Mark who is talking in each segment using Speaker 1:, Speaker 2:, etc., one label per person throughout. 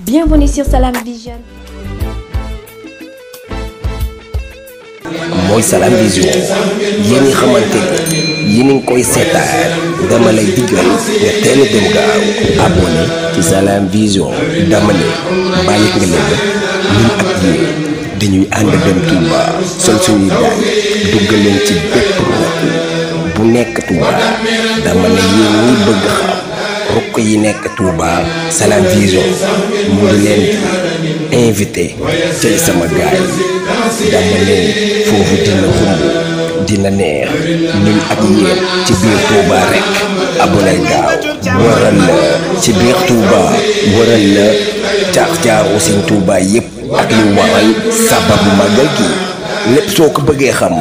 Speaker 1: Bienvenue sur Salam Vision. mooy Salam Vision yéen ñi xamante ni yéen ngi koy seetaan dama lay diggal nga teel a dem gaaw abonné ci Salam Vision dama ne bàyyi nga leen ñun ak yéen dañuy ànd dem Touba sol suñuy daay duggal leen ci bépp bu nekk Touba dama ne yéen ñi bëgg xam. mbokk yi nekk Touba Salam Vision mu ngi leen invité tey sama gaay
Speaker 2: dama leen foofu
Speaker 1: dina xumb dina neex ñun ak yéen ci biir Touba rek abonné gaaw waral la ci biir Touba waral la caax-caaxu seen Touba yépp ak lu waral sababu magal gi lépp soo ko bëggee xam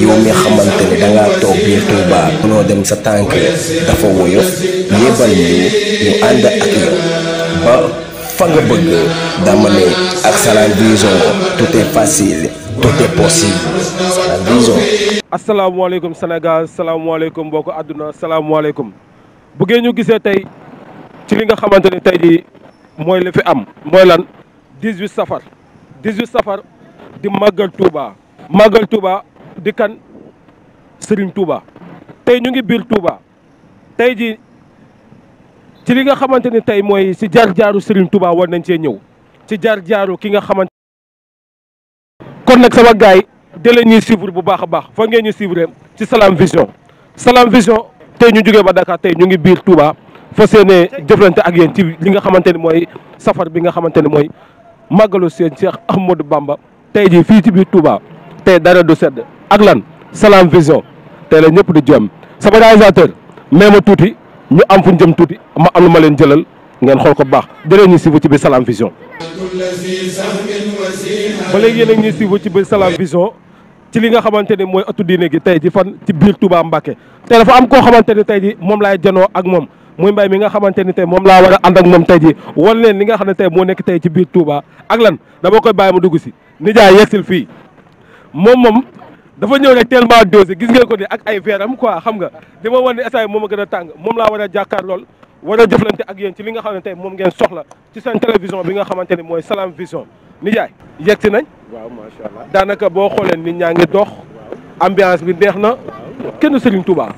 Speaker 1: yow mi xamante ne dangaa toog biir Touba munoo dem sa tànk dafa woyof yébal ñu ñu ànd ak yow ba fa nga bëgg dama ak Salam Vision tout est facile tout est
Speaker 2: possible Salam Vision asalaamaaleykum Sénégal salaamaaleykum mbokk àdduna salaamaaleykum bu ngeen ñu gisee tey ci li nga xamante ne tey jii mooy la fi am mooy lan safar safar di màggal Touba màggal Touba di kan Serigne Touba. tey ñu ngi biir Touba tey jii ci li nga xamante ni tey mooy si jaar-jaaru Serigne Touba war nañ cee ñëw ci jaar-jaaru ki nga xamante. kon nag sama gars yi dalee ñuy suivre bu baax a baax fa ngeen ñu suivre ci Salam Vision Salam Vision tey ñu jógee ba Dakar tey ñu ngi biir Touba fa seene jëflante ak yéen ci li nga xamante ni mooy safar bi nga xamante ni mooy màggalu seen Cheikh Ahmadou Bamba tey jii fii ci biir Touba tey dara du sedd. ak lan Salam Vision tey la ñëpp di jom sama réalisateur may ma tuuti ñu am fu ñu jëm tuuti ma am la ma leen jëlal ngeen xool ko baax jërë ñu suivre ci biir salaam Vision. ba léegi yéen a ngi ci biir salaam Vision ci li nga xamante ni mooy ëttu diine gi tey ji fan ci biir Touba Mbacké tey dafa am koo xamante ni tey ji moom laay janoo ak moom. muy mbay mi nga xamante ni tey moom laa war a ànd ak moom tey ji wan leen li nga xam ne tey moo nekk tey ci biir Touba ak lan dama koy bàyyi dugg si nijaay fii moom moom dafa ñëw rek tellement dosé gis ngeen ko de ak ay veram quoi xam nga di ma wan ne essai moom a gën a tàng moom laa war a jàkkaar lool war a jëflante ak yéen ci li nga xam ne tey moom ngeen soxla ci seen télévision bi nga xamante ne mooy Salam Vision nijaay yegg si nañ macha allah daanaka boo xoolee nit ñaa ngi dox ambiance bi neex na kenn Serigne Touba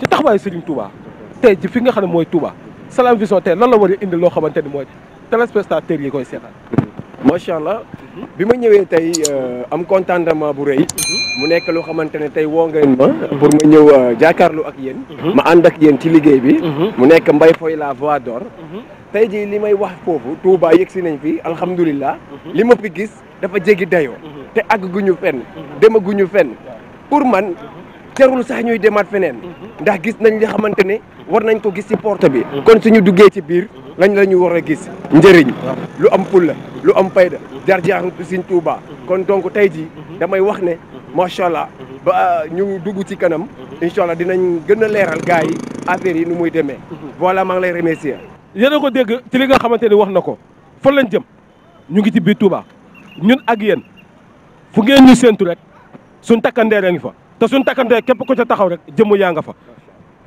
Speaker 2: ci taxawaayu Serigne Touba tey ji fi nga xam ne mooy Touba salaam Vision tey lan la war a indi loo xamante ni mooy téléspectateurs yi koy seetaan macha allah bi ma ñëwee tey euh,
Speaker 3: am contentement bu rëy mu nekk loo xamante ne tey woo ngeen ma pour ma ñëw euh, jaakaarlu ak yéen mhm. ma ànd ak yéen ci liggéey bi mhm. mu nekk mbay Foy la voix d'or mhm. tey jii li may wax foofu Touba yegg si nañ fi alhamdulilah li ma fi gis dafa jéggi dayoo te àgguñu fenn demaguñu fenn pour man jarul sax ñuy demaat feneen ndax gis nañ li xamante ne war nañ ko gis ci porte bi kon suñu duggee ci biir lañ la ñu war a gis njëriñ lu am fulla lu am fayda jar jaar siñ Tuuba kon donc tey jii damay wax ne macha allah ba ah, ñu dugg ci kanam incha allah dinañ gën
Speaker 2: a leeral gars yi affaire yi nu muy demee voilà maa ngi lay remercier yéen a ko dégg ci li nga xamante ni wax na ko fan lañ jëm ñu ngi ci biir Touba ñun ak yéen fu ngeen ñu séentu rek suñ takkandeer a ngi fa te suñ takkandeer képp ko ca taxaw rek jëmm yaa fa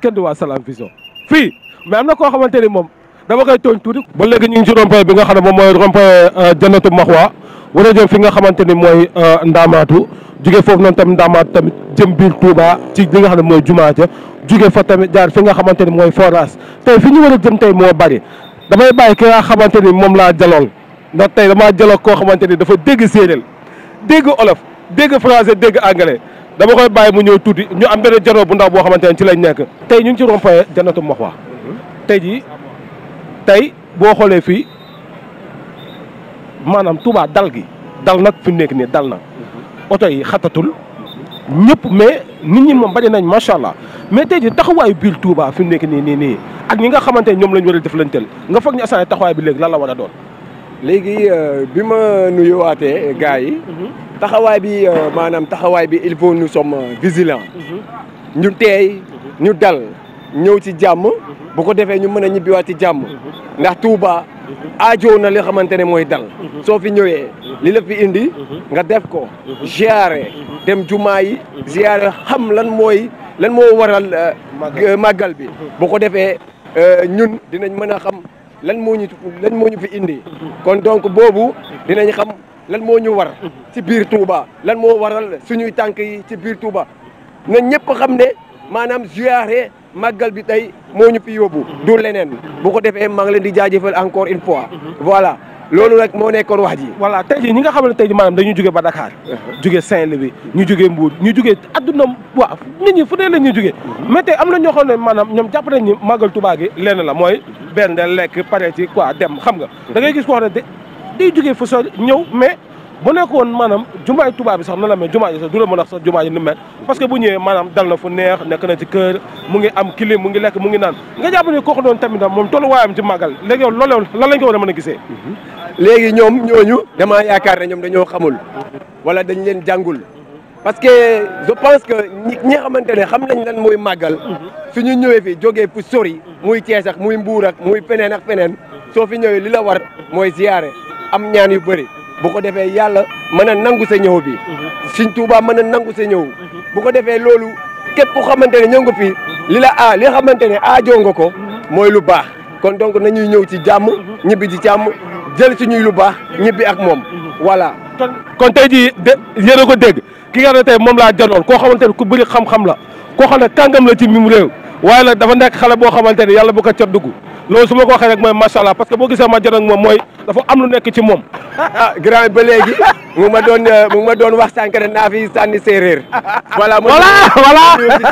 Speaker 2: kenn du waa Salam Vision fii mais am na koo xamante ni moom dama koy tooñ tuuti. ba léegi ñu ngi ci rond-point bi nga xam ne moom mooy rond-point euh, Jannatu Maxwa war a jëm fi nga xamante ni mooy euh, Ndaamaatu juge foofu noonu tamit Ndaamaatu tamit jëm biir Touba ci li nga xam ne mooy jumaa ja jóge fa tamit jaar fi nga xamante ni mooy forage tey fi ñu war a jëm tey moo bari damay bàyyi ki nga xamante ni moom laa jalool ndax tey damaa jaloog koo xamante ni dafa dégg séeréer dégg olof dégg français dégg anglais dama koy bàyyi mu ñëw tuuti ñu am benn janoo bu ndaw boo xamante ne ci lañ nekk tey ñu ngi ci rond-point Jannatul Mahwa tey jii tey boo xoolee fii maanaam Touba dal gi dal nag fi mu nekk nii dal na oto yi xatatul ñëpp mais nit ñi moom bari nañ macha allah mais tey jii taxawaayu biir Touba fi mu nekk nii nii nii ak ñi nga xamante ne ñoom lañ war a def lanteel nga foog ñu assaini taxawaay bi léegi lan la war a doon. léegi euh, bi ma
Speaker 3: nuyuwaatee gars
Speaker 2: yi. Mhm. taxawaay
Speaker 3: bi euh, maanaam taxawaay bi il faut nous sommes euh, vigilants
Speaker 1: mhm.
Speaker 3: ñu teey mhm. ñu dal ñëw ci jàmm mhm. bu ko defee ñu mën a ñibbiwaat ci jàmm ndax Touba aajoo na li xamante ne mooy dal soo fi ñëwee li la fi indi nga def ko ziare dem jumaa yi ziare xam lan mooy lan moo waral euh, màggal bi bu ko defee ñun dinañ mën a xam lan moo ñu lan ñu fi indi kon donc boobu dinañ xam lan moo ñu war ci biir Touba lan moo waral suñuy tànk yi ci biir Touba na ñëpp xam ne maanaam ziyaare màggal bi tey moo ñu fi yóbbu du leneen bu ko defee maa ngi leen di jaajëfal encore une
Speaker 2: fois voilà loolu rek moo nekkoon wax ji voilà tey ñi nga xam ne tey jii maanaam dañu jóge ba Dakar jóge Saint-Louis ñu jóge Mbour ñu jóge adduna waaw nit ñi fu dee la ñuy jóge mais te am na ñoo xam ne maanaam ñoom jàpp nañ ni màggal Touba gi lenn la mooy benn lekk pare ci quoi dem xam nga da ngay gis ko wax day jógee fu sori ñëw mais bu nekk woon maanaam jumaay tubaab bi sax noonu la mel jumaa sax du la mën a sax jumaa ji ni mel parce que bu ñëwee maanaam dal na fu neex nekk na ci kër mu ngi am kilim mu ngi lekk mu ngi naan nga jàpp ne kooku doon tamit moom tolluwaayam ci màggal léegi yow loolu lan lañ ko war a mën a gisee léegi ñoom ñooñu damaa yaakaar ne ñoom dañoo xamul wala dañ
Speaker 3: leen jàngul parce que je pense que ñi xamante ne xam nañ lan mooy màggal suñu mhm. ñëwee fi jógee fu sori muy Cees ak muy Mbuur ak muy feneen ak feneen soo fi ñëwee li la war mooy ziyaare am ñaan yu bëri bu ko defee yàlla mën a nangu sa ñëw bi mhm. Sëñ Tuubaa mën a nangu sa ñëw mhm. bu ko defee loolu képp ku xamante ne ñëw nga fi li la a li xamante ne aajoo nga ko mhm. mooy lu baax kon donc nañuy ñëw ci jàmm ñibbi
Speaker 2: ji jàmm jël ñuy lu baax ñibbi ak moom voilà kon tey jii de yéen a ko dégg ki nga ne tey moom laa janoon koo xamante ne ku bëri xam-xam la koo xam ne kàngam la ci mim réew waaye nag dafa nekk xale boo xamante ne yàlla bu ko ca dugg loolu su ma ko waxee rek mooy macha allah parce que boo gisee ma jot ak moom mooy dafa am lu nekk ci moom. ah grand ba léegi mu ma doon euh, mu ma doon wax
Speaker 3: sànq naa fi sànni séeréer. voilà moo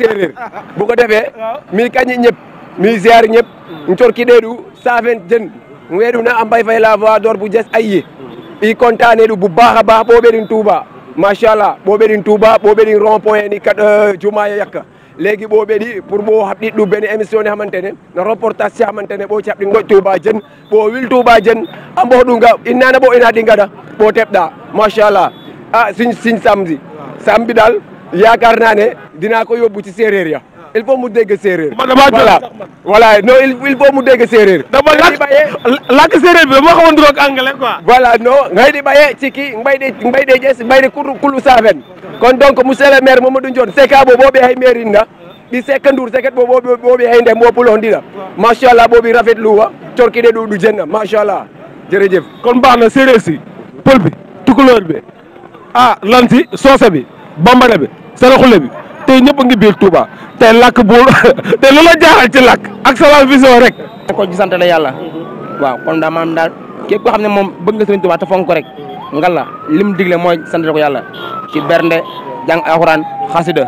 Speaker 3: séeréer bu ko defee. mi kañ ñëpp mi ziar ñëpp. njor ki deedu saafen jën weedu na am mbay fay la voix d'or bu jes ay i kontaane du bu baax a baax boo ɓeɗin touba machallah bo ɓeɗin touba bo ɓeɗin rond point ni kad euh, juma yakka léegi ɓo ɓeɗi pour ɓo haɓɗiɗ ɗum bene émission ne hamantene no reportage si hamantene ɓo caɓɗi goƴ tubajen ɓo wil tubajen a mbo ɗuga innana ɓo ina ɗi gaɗa ɓo teɓɗa machallah a ah, sin sin samedi samedi naa ne dina ko yobbu ci séréer ya il faut mu dégg séeréer. man damaa voilà voilà non il faut mu dégg séeréer. dama làkk làkk séeréer bi dama xawoon duroog anglais quoi. voilà non ngay di bayee ci kii mbay de mbay de jees mbay de kulu kulu saafen kon donc monsieur le maire Mamadou Ndione seka bo boobi hay maire in na ɗi sekka ndur seket bo boobi hay ndem wo pulondina machallah boobi rafetluwa corkide ɗu ɗu jenna machallah
Speaker 2: jërëjëf kon baax na séeréer si pël bi tukulóor bi ah lanti soose bi bambara bi saraxule bi tey ñëpp a ngi biir Touba tey làkk bu te lu la jaaral ci lakk ak Salam soo rek.
Speaker 4: ko gisante la yàlla. waaw kon daal maanaam daal képp koo xam ne moom bëgg nga Serigne Touba te fonk ko rek ngalla lim digle mooy sant ko yàlla ci bernde jàng alxuraan xasida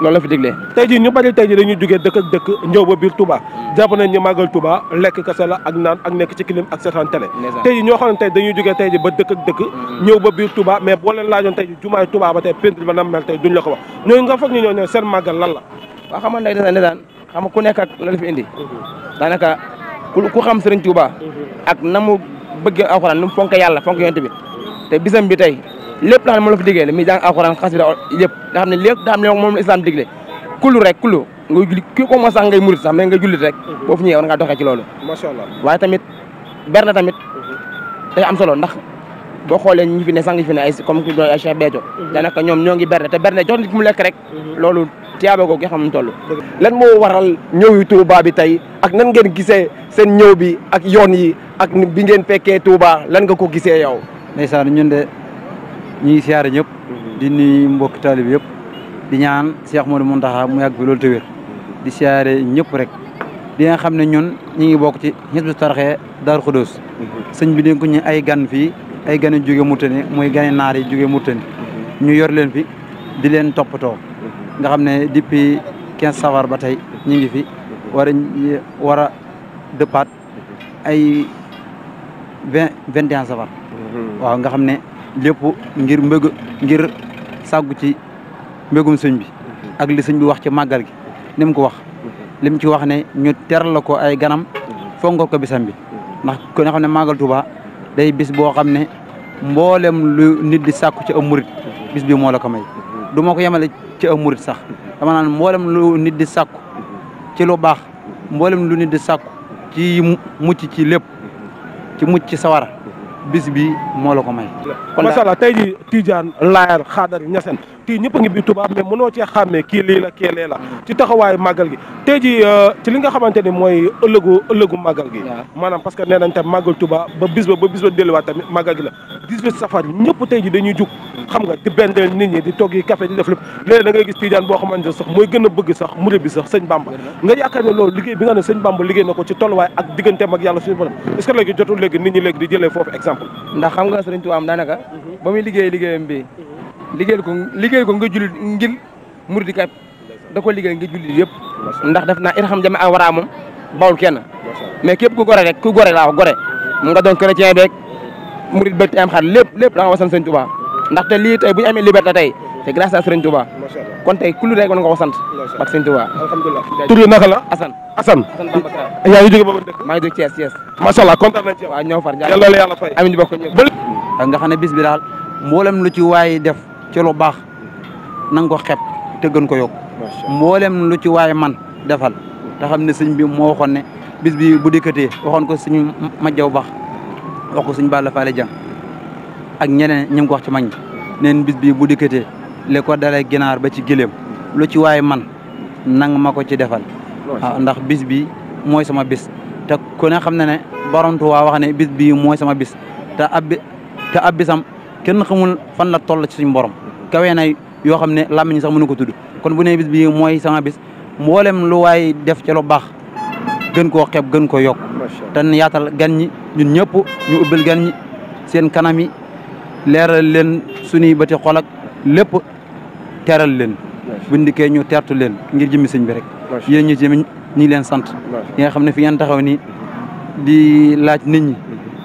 Speaker 4: loolu la fi digle tey ji ñu bari tey jii dañuy jógee dëkk
Speaker 2: ak dëkk ñëw ba biir Touba jàpp nañ ñu màggal Touba lekk kese la ak naan ak nekk ci clim ak seetaan télé tey jii ñoo xam ne tey dañuy jógee tey jii ba dëkk dëkk mm. ñëw ba biir Touba mais boo leen laajoon tey jii jumaay Touba
Speaker 4: ba tey peinture ba nam mel tey duñ la ko nga foog ñu ñoo ñoo seen màggal lan la waaw xam nga ndeysaan ndeysaan xam nga ku nekk la la fi indi mm-hmm. daanaka ku xam Serigne Touba mm-hmm. ak na mu bëgg alxuraan nu mu fonk yàlla fonk yonent bi te bisam bi tey lépp loo xam ne moom la fi diggee la mi jàng alxuraan xas bi da yëpp nga xam ne moom la islam digle kullu rek kullu nga julli kii ko ma sax ngay murit sax mais nga jullit rek mhm. boo fu ñëwee war ngaa doxee ci loolu macha allah waaye mhm. am solo ndax boo xoolee ñi fi ne sang yi fi ne ay comme ku doon ay Cheikh Béthio mhm. daanaka ñoom ñoo ngi berne te berne jox nit mu lekk rek loolu tiyaaba googu xam ne lan moo
Speaker 3: waral ñëw yu Touba bi tey ak nan ngeen gisee seen ñëw bi ak yoon yi ak bi ngeen
Speaker 5: fekkee Touba lan nga ko gisee yow ndeysaan ñun de ñi ngi siyaare ñëpp mhm. di nuyu mbokki taalib yëpp di ñaan Cheikh Modou Mountakha mu yàgg bi loolu te wér mhm. di siyaare ñëpp rek di nga xam ne ñun ñi ngi bokk ci Hizbut Tarqiyyah Darou Khoudoss mhm. sëñ bi ku ñu ay gan fii ay gan yu jóge Mauritanie muy gani naar yi jóge Mauritanie ñu yor leen fi di leen toppatoo nga xam ne depuis quinze safar ba tey ñu ngi fi war a war dëppaat ay vingt vingt et safar waaw nga xam ne lépp ngir mbëgg ngir sàggu ci mbégum sëñ bi ak li sëñ bi wax ci màggal gi nim mu ko wax lim ci wax ne ñu teral la ko ay ganam fongal ko bisam bi ndax ku ne xam ne màggal day bis boo xam ne mboolem lu nit di sàkku ci am murit bis bi moo la ko may du ma ko yemale ci am murit sax dama naan mboolem lu nit di sàkku ci lu baax mboolem lu nit di sàkku ci mucc ci lépp ci mucc ci sawara bis bi ko may. kon daal macha allah tey jii Tidiane Laayar Xaadar
Speaker 2: Ñaseen actes yi ñëpp a ngi bi tubaab mais mënoo cee xàmmee kii lii la kii lee ci taxawaayu màggal gi tey ji euh, ci li nga xamante ni mooy ëllëgu ëllëgu magal gi maanaam parce que nee nañ tam màggal tuba ba bis ba ba bis ba delluwaat gi la 18 safar ñëpp tey ji dañuy jug xam nga di benn nit ñi di togg yi café di def lépp léeg da ngay gis tiijaan boo xamante sax mooy gën a bëgg sax murid bi sax sëñ bamba nga yaakaar ne loolu liggéey bi nga ne sëñ bamba liggéey na ko ci tolluwaay ak digganteem ak yàlla suñu borom est
Speaker 4: ce mhm. bi mhm. liggéeyal ko liggéeyal ko nga jullit ngir murid kat da ko liggéey nga jullit yëpp ndax def naa irham jama a waraa moom bawul kenn mais képp ku gore rek ku gore laa wax gore mu nga doon chrétien beeg murid beeg te am xar lépp lépp da nga wasan sëñ Touba ndaxte kon nga sant ak sëñ Touba alhamdulilah la
Speaker 5: Assane Assane yaa ngi jóge boobu ngi jóge Thiès Thiès macha allah kontaan nañ la fay amiin bokk nga xam ne bis bi daal mboolem lu ci waay def ci lu baax na nga ko xeeb te gën ko yokk mboolem lu ci waay man defal te xam ne sëñ bi moo waxoon ne bis bi bu dikkatee waxoon ko sëñ majjaw baax wax ko sëñ Balla Faale Jang ak ñeneen ñi ko wax ci mañ ñi neen bis bi bu dikkatee li ko ginaar ba ci giléem lu ci waaye man nang ma ko ci defal ah, ndax bis bi mooy sama bis te ko ne xam ne ne borom Tuubaa wax ne bis bi mooy sama bis te ab bisam kenn xamul fan la toll ci suñu borom kawee na yoo xam ne làmmiñ sax mënu ko tudd kon bu ne bis bi mooy sama bis mboolem lu waay def ca lu baax gën koo xeeb gën ko yokk te yaatal gan ñi ñun ñëpp ñu ubbil gan ñi seen kanam yi leeral leen suñuy bëti xol ak lépp teral leen buñ dikkee ñu tertu leen ngir jëmmi sëñ bi rek yéen ñu jëmi ñi leen sant yi nga xam ne fi ngeen taxaw nii di laaj nit ñi mhm.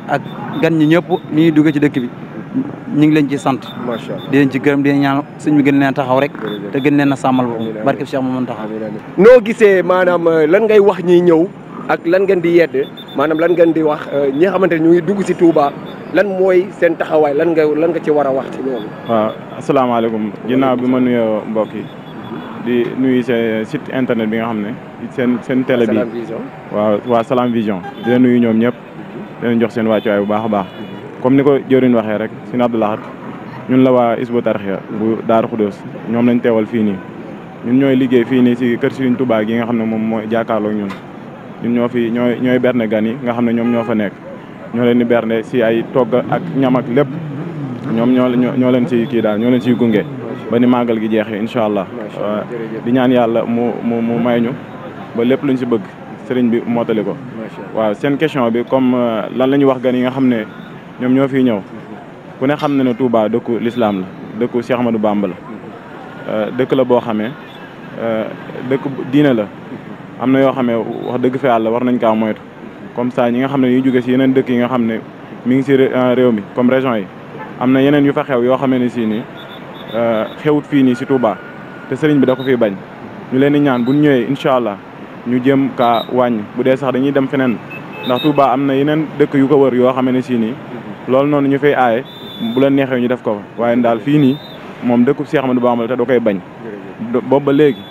Speaker 5: ak gan ñi ñëpp ñuy dugg ci dëkk bi ñu ngi leen ci sant di leen ci gërëm di leen ñaan suñ mi gën leen taxaw rek te gën leen a sàmmal boppam barkeb Cheikh Mamadou Taxaw
Speaker 3: noo gisee maanaam euh, lan ngay wax ñii ñëw ak lan ngeen di yedd maanaam lan ngeen di wax euh, ñi nga xamante ne ñu ngi dugg si Touba lan mooy seen taxawaay lan nga lan nga ci war a wax ci loolu
Speaker 6: waaw asalaamaaleykum ginnaaw bi ma nuyoo mbokk yi di nuyu seen site internet bi nga xam ne seen seen télé bi waa Salam Vision di leen nuyu ñoom ñëpp di jox seen wàccuwaay bu baax a baax comme ni ko jëriñ waxee rek sëñ Abdou Lahad ñun la waa Hizbut Tarqiyyah bu Daaru Xuddoos ñoom lañ teewal fii nii ñun ñooy liggéey fii nii si kër Serigne Touba gi nga xam ne moom mooy jàkkaarloo ñun ñoo fi ñooy ñooy berne gan yi nga xam ne ñoom ñoo fa nekk ñoo leen di berne si ay togg ak ñam ak lépp ñoom ñoo ñoo leen si kii daal ñoo leen siy gunge ba ni màggal gi jeexee incha allah di ñaan yàlla mu mu mu may ñu ba lépp luñ si bëgg sëriñ bi mottali ko waaw seen question bi comme euh, lan la wax gan yi nga xam ne ñoom ñoo fi ñëw ku ne xam na ne Touba dëkku lislaam la dëkku Cheikh Ahmadou Bamba la euh, dëkk la boo xamee euh, dëkk diine la am na yoo xamee wax dëgg fa yàlla war nañ kaa moytu comme ça ñi nga xam ne ñuy jóge si yeneen dëkk yi nga xam ne mi ngi si euh, réew mi comme région yi am na yeneen yu fa xew yoo xamee ne si nii xewut fii nii si Touba te sëriñ bi da ko fiy bañ ñu leen di ñaan bu ñëwee incha allah ñu jëm kaa wàññi bu dee sax dañuy dem feneen ndax Touba am na yeneen dëkk yu ko yoo xamee ne si nii loolu noonu ñu fay aaye bu la neexee ñu def ko fa waaye daal fii nii moom dëkkub Cheikh Ahmadou Bamba te da koy bañ. boobu ba léegi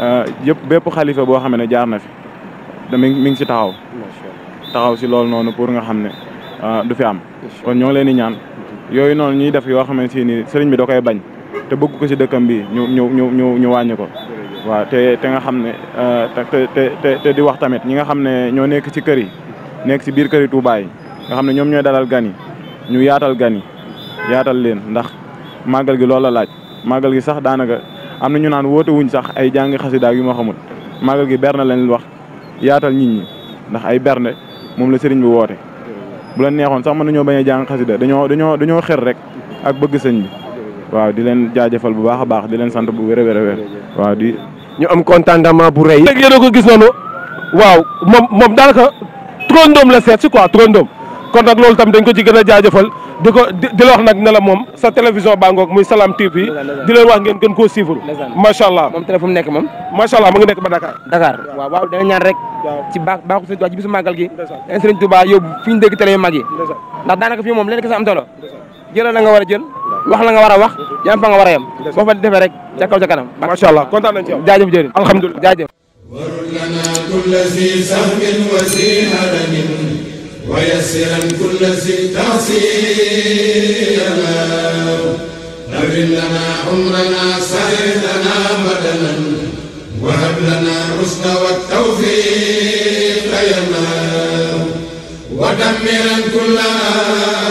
Speaker 6: euh, yëpp bépp xalifa boo xam ne jaar na fi da mi ngi si taxaw. taxaw si loolu noonu pour nga xam ne euh, du fi am. kon ñoo ngi leen di ñaan mm-hmm. yooyu noonu ñuy def yoo xamante ni sëriñ bi da koy bañ te bëgg ko si dëkkam bi ñu ñu ñu ñu ñu wàññi ko. waaw te te nga xam ne euh, te te di wax tamit ñi nga xam ne ñoo nekk ci kër yi nekk si biir kër yi Touba yi nga xam ne ñoom ñooy dalal gan yi ñu yaatal gan yi yaatal leen ndax màggal gi loolu la laaj màggal gi sax daanaka am na ñu naan woote wuñ sax ay jàng xasida yu ma xamul màggal gi berne leen wax yaatal nit ñi ndax ay berne moom la sëriñ bi woote. bu la neexoon sax mën nañoo bañ a jàng xasida dañoo dañoo dañoo xër rek ak bëgg sëñ bi waaw di leen jaajëfal bu baax a baax di leen sant bu wér a wér a waaw di. ñu am contentement bu rey léegi yéen a ko gis
Speaker 2: noonu waaw moom moom daanaka trondoom la seet si quoi trondoom. kon nag loolu tam dañ ko ci gën a jaajëfal di ko di la wax moom sa télévision baa ngoog muy Salam TV
Speaker 4: wax ngeen gën koo suivre macha allah moom téléphone nekk moom macha allah mu ngi nekk ba Dakar Dakar waaw waaw dana ñaan rek ci baax baaxu Sëriñ Tuubaa ci bisu màggal gi dañ Sëriñ fi ñu dégg télé yu mag yi ndax daanaka fii moom leen kese am solo jëlal la nga war a jël wax la nga war a wax yam fa nga war a yam boo fa rek ca kaw ca kanam macha allah kontaan nañ ci yow jaajëf
Speaker 2: ويسرا كل ذي تعسيرا نبل لنا عمرنا سهل لنا بدنا وهب لنا الرشد والتوفيق يا ودمرا
Speaker 1: كل